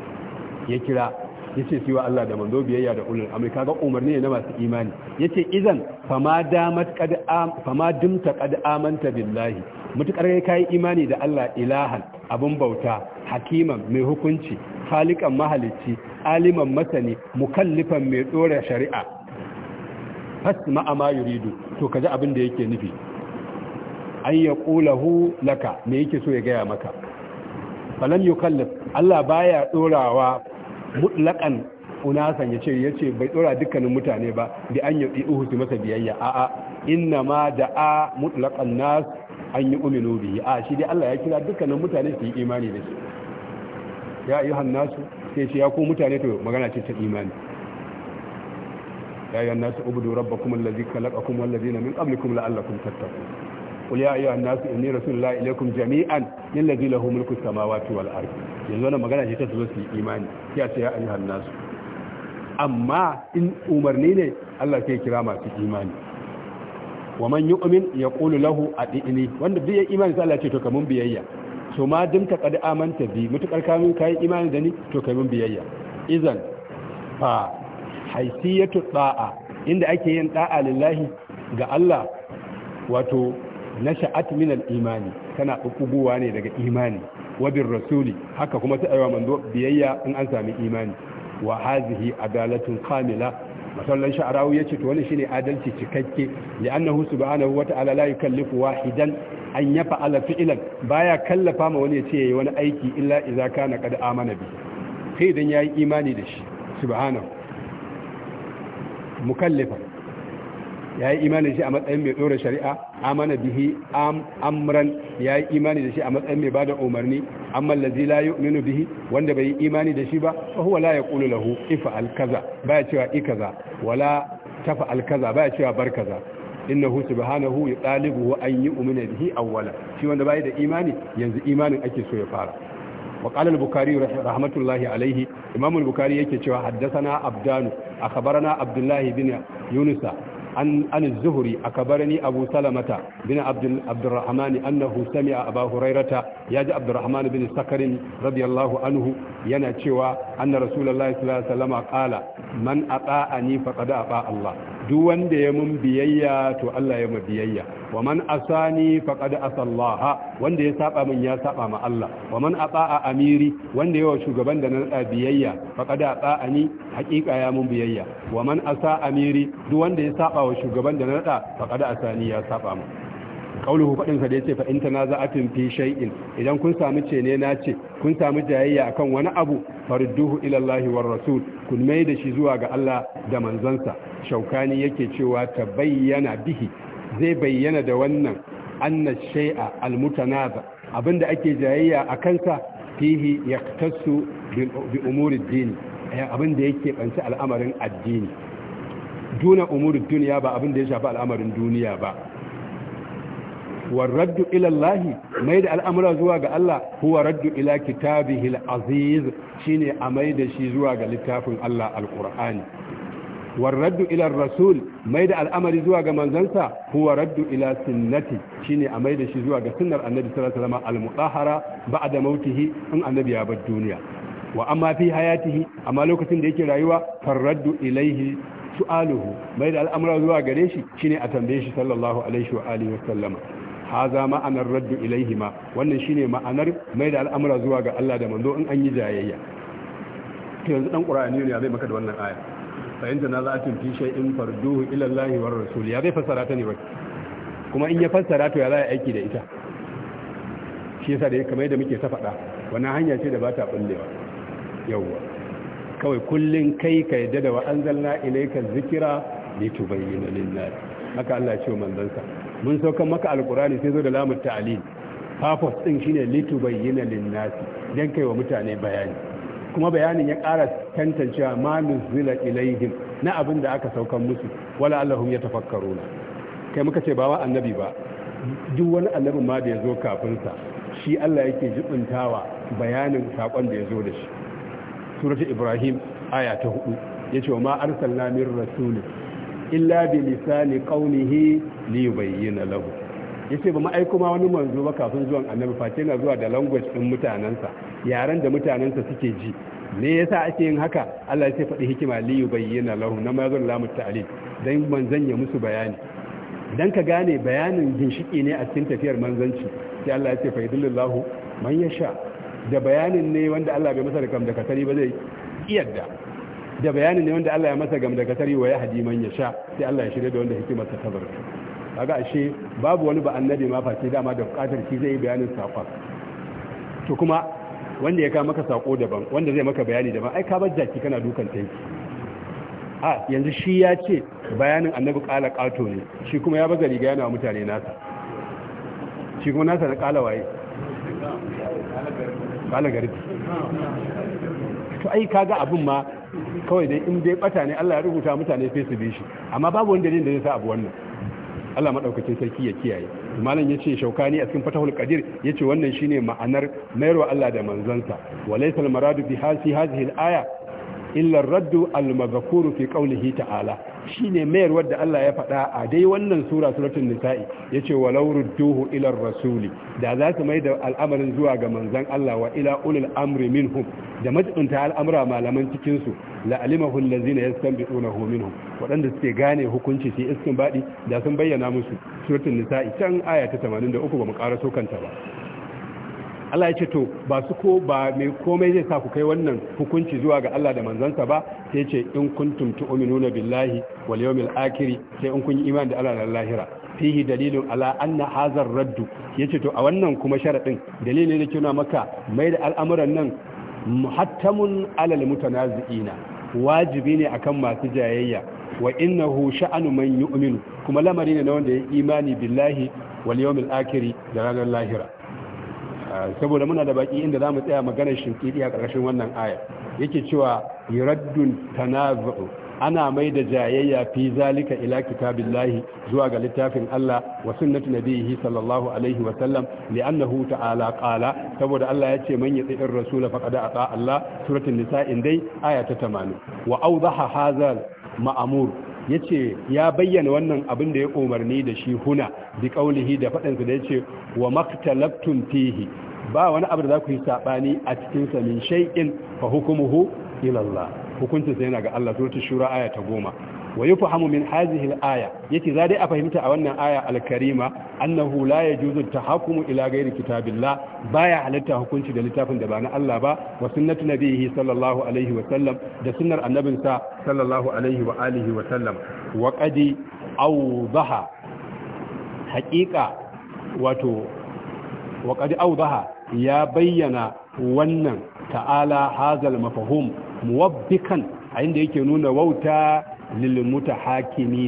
ya kira yace su wa Allah da manzo biyayya da ulul amri kaga umarni ne na masu imani yace idan fama damat qad am fama dimta qad amanta billahi mutukar kai kai imani da Allah ilahan abun bauta hakiman mai hukunci khaliqan mahalicci aliman masani mukallifan mai dora shari'a fasma ma yuridu to kaji abin da yake nufi an yaqulahu laka me yake so ya gaya maka falam yukallif Allah baya dorawa mutlaƙan unasan ya ce ya ce bai tsora dukkanin mutane ba da an yi uhu su masa biyayya a'a inna ma da a mutlaƙan nas an yi uminu bihi a shi dai Allah ya kira dukkanin mutane su yi imani da shi ya yi nasu sai ce ya ko mutane to magana ce ta imani ya ayyuhan nasu ubudu rabbakum allazi khalaqakum na min qablikum la'allakum tattaqun قل Nasu inni الناس إني رسول jami'an, إليكم جميعا للذي له ملك السماوات والأرض yanzu wani magana ce ta su su yi imani ya ce ya yi hannasu amma in umarni ne Allah sai kira masu imani wa man ya ƙulu lahu ɗi'ini wanda duk imani sai Allah ce to kamun biyayya so ma ka ƙadi amanta bi mutuƙar kamun kayan imani da ni to kamun biyayya ba fa haisiyatu da'a inda ake yin ɗa'a lillahi ga Allah wato nasha'at min al-imani kana ukuguwa ne daga imani wabin rasuli haka kuma sai ayyuwa manzo biyayya in an sami imani wa hazihi adalatun kamila masallan sha'arawi ce to wani shine adalci cikakke li'annahu subhanahu wa ta'ala la yukallifu wahidan an yafa'ala fi'lan baya kallafa ma wani ce yayi wani aiki illa idza kana qad amana bi sai dan yayi imani da shi subhanahu mukallafa ya yi imani da shi a matsayin mai tsoron shari'a amana bihi amran ya yi imani da shi a matsayin mai bada umarni amma lazi la yu'minu bihi wanda bai yi imani da shi ba fa huwa la yaqulu lahu ifa al-kaza baya cewa ikaza wala tafa alkaza baya cewa bar kaza innahu subhanahu yutalibuhu an yu'mina bihi awwala shi wanda bai da imani yanzu imanin ake so ya fara وقال البخاري رحمة الله عليه إمام البخاري يكي حدثنا عبدان أخبرنا عبد الله بن يونس عن عن الزهري أكبرني أبو سلمة بن عبد عبد الرحمن أنه سمع أبا هريرة يا عبد الرحمن بن سكر رضي الله عنه ينأتي أن رسول الله صلى الله عليه وسلم قال من أطاعني فقد أطاع الله duk wanda ya mun biyayya to Allah ya mu biyayya wa man asani faqad asallaha wanda ya saba mun ya saba ma Allah wa man ata'a amiri wanda yawa shugaban da na biyayya faqad ata'ani haqiqa ya mun biyayya wa man asa amiri duk wanda ya saba wa shugaban da na faqad asani ya saba mu kauluhu fadin sa da yace fa in tanaza'atum fi shay'in idan kun samu cene na ce kun samu jayayya akan wani abu farduhu ila Allahi war rasul kun mai da shi zuwa ga Allah da manzansa shaukani yake cewa tabayyana bihi zai bayyana da wannan anna shay'a almutanaza abinda ake jayayya akan sa fihi yaktasu bi umuri dini eh, abinda yake banci al'amarin addini duna umuri duniya ba abinda ya shafi al'amarin duniya ba warraddu ila mai da al'amura zuwa ga Allah huwa raddu ila kitabihi al shine a mai da shi zuwa ga littafin Allah al-Qur'ani raddu ila rasul mai da al'amari zuwa ga manzansa huwa raddu ila sunnati shine a mai da shi zuwa ga sunnar annabi sallallahu alaihi wasallam al-mutahhara ba'da mautihi in annabi ya bar duniya wa amma fi hayatihi amma lokacin da yake rayuwa raddu ilaihi su'aluhu mai da al'amura zuwa gare shi shine a tambaye shi sallallahu alaihi wa alihi wa sallama haza ma'anar raddu ilaihima wannan shine ma'anar mai da al'amura zuwa ga Allah da manzo in an yi jayayya to yanzu dan qur'ani ne ya zai maka da wannan aya fa in tanaza'atun fi shay'in farduhu ila Allah war rasul ya zai fassara ta ne ba kuma in ya fassara to ya za aiki da ita shi yasa da kamar da muke ta faɗa wannan hanya ce da ba ta bullewa yawwa kawai kullun kai ka yadda da wa anzalna ilayka dhikra litubayyana lin-nas haka Allah ya ce manzon sa mun saukan maka alkurani sai zo da lamun ta'alil purpose din shine litubayyana lin linnasi, dan kai wa mutane bayani kuma bayanin ya ƙara tantancewa ma nuzila ilaihim na abin da aka saukan musu wala allahum yatafakkaruna kai muka ce ba wa annabi ba duk wani annabin ma da ya zo kafin sa shi Allah yake jibintawa bayanin sakon da ya zo da shi suratul ibrahim aya ta hudu yace wa ma arsalna min rasulin illa bi lisani qawlihi li bayyana lahu yace ba mai kuma wani manzo ba kafin zuwan annabi face na zuwa da language din mutanansa yaren da mutanansa suke ji me yasa ake yin haka Allah ya faɗi hikima li bayyana lahu na mazun lamu ta'lil dan manzon ya musu bayani dan ka gane bayanin ginshiki ne a cikin tafiyar manzanci sai Allah ya ce fa idullahu man yasha da bayanin ne wanda Allah bai masa da kam da kasari ba zai iyadda da bayanin ne wanda Allah ya masa gam daga tarihi wa ya man ya sha sai Allah ya shirya da wanda hikimar ta tabar kaga ashe babu wani ba annabi ma face dama da bukatar shi zai yi bayanin sakon to kuma wanda ya ka maka sako daban wanda zai maka bayani daban ai ka bar jaki kana dukan tanki a yanzu shi ya ce bayanin annabi kala kato ne shi kuma ya baza riga yana mutane nasa shi kuma nasa na kala waye kala garbi to ai kaga abun ma kawai dai in dai bata ne Allah ya rubuta mutane sai su bi shi amma babu wanda da zai sa abu wannan Allah madaukakin sarki ya kiyaye malam yace shaukani a cikin fatahul qadir yace wannan shine ma'anar mayarwa Allah da manzansa walaysa al maradu bi hasi hadhihi al aya illar raddu al-mazkuru fi qawlihi ta'ala shine mayar wadda Allah ya faɗa a dai wannan sura suratul nisa'i yace walaw rudduhu ila rasuli da za su mai da al'amarin zuwa ga Manzan Allah wa ila ulil amri minhum da majibinta al'amura malaman cikin su la alimahu allazina yastanbi'unahu minhum wadanda suke gane hukunci iskin baɗi da sun bayyana musu suratul nisa'i can aya ta 83 ba mu ƙara ba Allah ya ce to ba su ko ba mai komai zai sa ku kai wannan hukunci zuwa ga Allah da manzansa ba sai ce in kuntum tu'minuna billahi wal yawmil akhir sai in kun yi imani da Allah da lahira fihi dalilun ala anna hazar raddu yace to a wannan kuma sharadin dalilin da ke maka mai da al'amuran nan muhattamun alal mutanazi'ina wajibi ne akan masu jayayya wa innahu sha'anu man yu'minu kuma lamari ne na wanda ya imani billahi wal yawmil akhir da ranar lahira saboda muna da baki inda za mu tsaya maganar shinkidi a ƙarƙashin wannan aya yake cewa yuraddun tanazu ana mai da jayayya fi zalika ila kitabillahi zuwa ga littafin Allah wa sunnati nabihi sallallahu alaihi wa sallam li'annahu ta'ala qala saboda Allah ya ce man yati'ir rasula faqad ata Allah suratul nisa dai aya ta 80 wa awdaha hadha ma'amur ya ce ya bayyana wannan abin da ya umarni da shi huna bi ƙaunihi da faɗinsa da ya ce wa maktalabtun tihi ba wani abu da za ku yi saɓani a cikinsa min shaikin fa hukumuhu ilallah hukuncinsa yana ga Allah suratu shura aya ta goma wa yufhamu min hadhihi aya yace za dai a fahimta a wannan aya alkarima karima annahu la ta tahakumu ila ghairi kitabillah baya halatta hukunci da littafin da ba na Allah ba wa sunnatu nabihi sallallahu alaihi wa sallam da sunnar annabinsa sallallahu alaihi wa alihi wa sallam wa qadi awdaha haqiqa wato wa qadi awdaha ya bayyana wannan ta'ala hazal mafhum muwabbikan a inda yake nuna wauta lil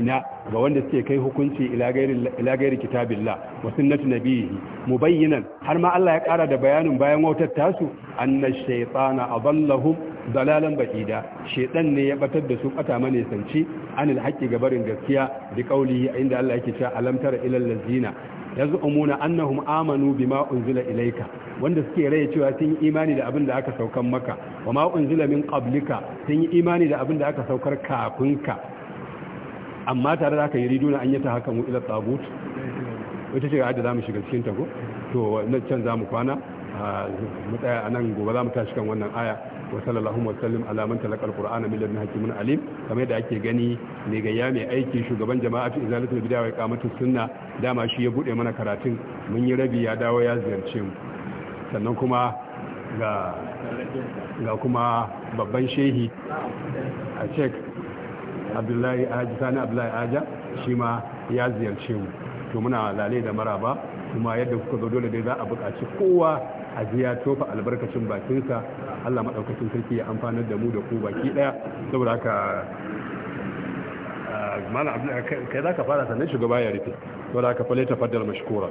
na ga wanda suke kai hukunci ila gairi ila gairi kitabillah wa sunnati nabiyhi mubayyinan har ma Allah ya kara da bayanin bayan wautar tasu anna shaytana adallahum dalalan ba'ida shaytan ne ya batar da su kata mane sanci anil haqqi gabarin gaskiya bi qawlihi inda Allah yake cewa alam tara ilal ladzina yaz'umuna annahum amanu bima unzila ilayka wanda suke raye cewa sun yi imani da abin da aka saukar maka wa ma unzila min qablika sun yi imani da abin da aka saukar kafinka amma tare da haka riduna an yata hakan ila tabut wata ce ga da zamu shiga cikin tago to nan can zamu kwana ah, mu tsaya anan gobe zamu tashi kan wannan aya wa sallallahu wa sallim alaman man qur'ana min ladun hakimin alim kamar da ake gani ne ga ya mai aiki shugaban jama'a fi izalatul bid'a wa iqamatus sunna dama shi ya bude mana karatun mun yi rabi ya dawo ya ziyarce mu sannan kuma ga ga kuma babban shehi a cek abdullahi aji sani abdullahi aja shi ma ya ziyarce mu to muna lalai da maraba kuma yadda kuka zo dole dai za a buƙaci kowa a ya tofa albarkacin bakinsa Allah maɗaukacin sarki ya amfanar da mu da ku baki ɗaya saboda haka mana kai za ka fara sannan shugaba ya rufe saboda haka falle ta faddar mashkura.